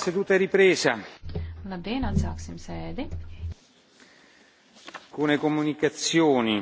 Sedūte ripresa. Labdien, atsāksim sēdi. Kune komunikācioni.